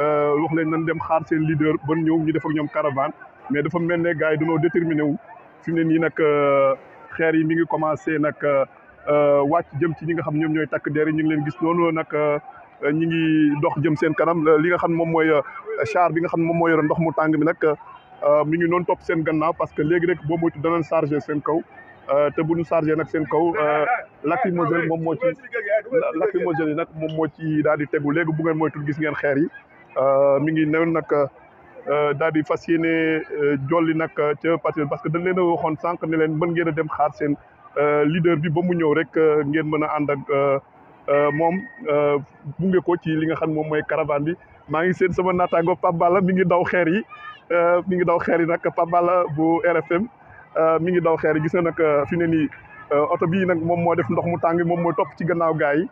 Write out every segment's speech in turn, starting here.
Euh, wax leen nan dem xaar seen leader ban ñëw ñu def ak ñoom caravane mais dafa mel ne gars yi dañoo déterminé wu fi mu ne nii nag euh, xeer yi mi ngi commencé nag euh, wàcc jëm ci ñi nga xam ñoom ñooy takk der ñu ngi leen gis noonu nag ñi ngi dox jëm seen kanam li nga xam moom mooy char bi nga xam moom moo yore ndox mu tàng bi nag mi ngi noonu topp seen gannaaw parce que léegi rek boo moytu danañ chargé seen kaw te bu ñu chargé nag seen kaw lacrymogène moom moo ci lacrymogène yi nag moom moo ci daal di tegu léegi bu ngeen moytul gis ngeen xeer yi Euh, mi ngi new nag euh, daal di fas yéene euh, jolli nag ca parti parce que dañ leen a waxoon sànq ne leen mën ngeen a dem xaar seen leader bi ba mu ñëw rek ngeen mën a ànd ak. moom bunge ko ci li nga xam moom mooy caravane bi maa ngi seen sama naataango Pape Balla mi ngi daw xeer yi mi ngi daw xeer yi nag Pape bu RFM mi ngi daw xeer yi gis na nag fi ne nii oto bii nag moom moo def ndox mu tàng moom mooy topp ci gannaaw gaa yi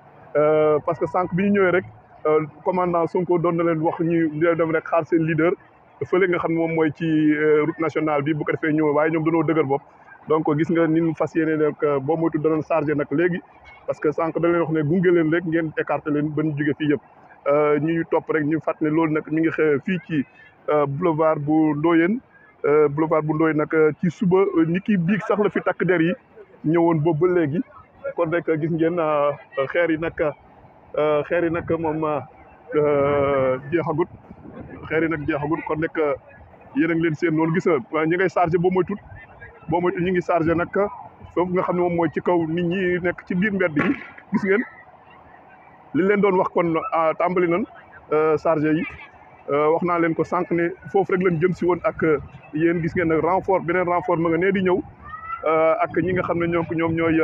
parce que sànq bi ñu ñëwee rek Euh, commandant Sonko doon na leen wax ñu dem rek xaar seen leader fële nga xam ne moom mooy ci euh, route nationale bi bu ko defee ñëw waaye ñoom dañoo dëgër bopp donc gis nga ni mu fas yéene nag euh, boo moytu danoon chargé nag parce que sànq da wax ne gunge leen rek ngeen écarté leen ba ñu jóge fii yëpp ñu topp rek ñu fàttali ne loolu nag mi ngi xew fii ci boulevard bu Ndoyeen boulevard bu Ndoyeen nag ci suba ñi ki biig sax la fi takk der yi ñëwoon boobu ba léegi kon rek gis ngeen xeer yi nag. Euh, xeer yi nag moom euh, jeexagut xeer yi nag jeexagut kon nekk euh, yéen a leen seen noonu gis nga ñi ngay chargé boo moytut boo moytut ñi ngi chargé nag foofu nga xam ne moom mooy ci kaw nit ñi nekk ci biir mbedd yi gis ngeen liñ leen doon wax kon tàmbali nan chargé yi wax naa leen ko sànq ne foofu rek lañ jëm si woon ak yéen gis ngeen nag renfort beneen renfort ma nga nee di ñëw ak ñi nga xam ne ñoo ñoom ñooy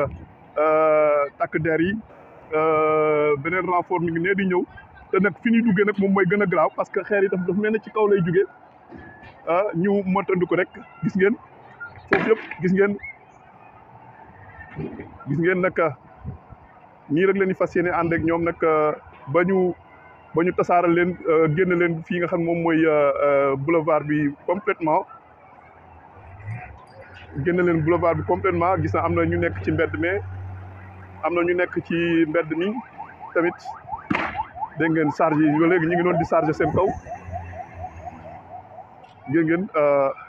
takk der yi Euh, beneen renfort mi ngi nee di ñëw te nag fi ñuy duggee nag moom mooy gën a graaw parce que xeer yi daf daf mel ne ci kaw lay jugee ah, ñu motandu ko rek gis ngeen foofu yëpp gis ngeen gis ngeen nag ah, nii rek la ñu fas yéene ànd ak ñoom nag ah, ba ñu ba tasaaral leen génn leen fii nga xam moom mooy boulevard bi complètement génn leen boulevard bi complètement gis na am na ñu nekk ci mbedd mais am na ñu nekk ci mbedd mi tamit dégg ngeen charge yi ba léegi ñu ngi doon di charger seen kaw ngeen ngeen euh,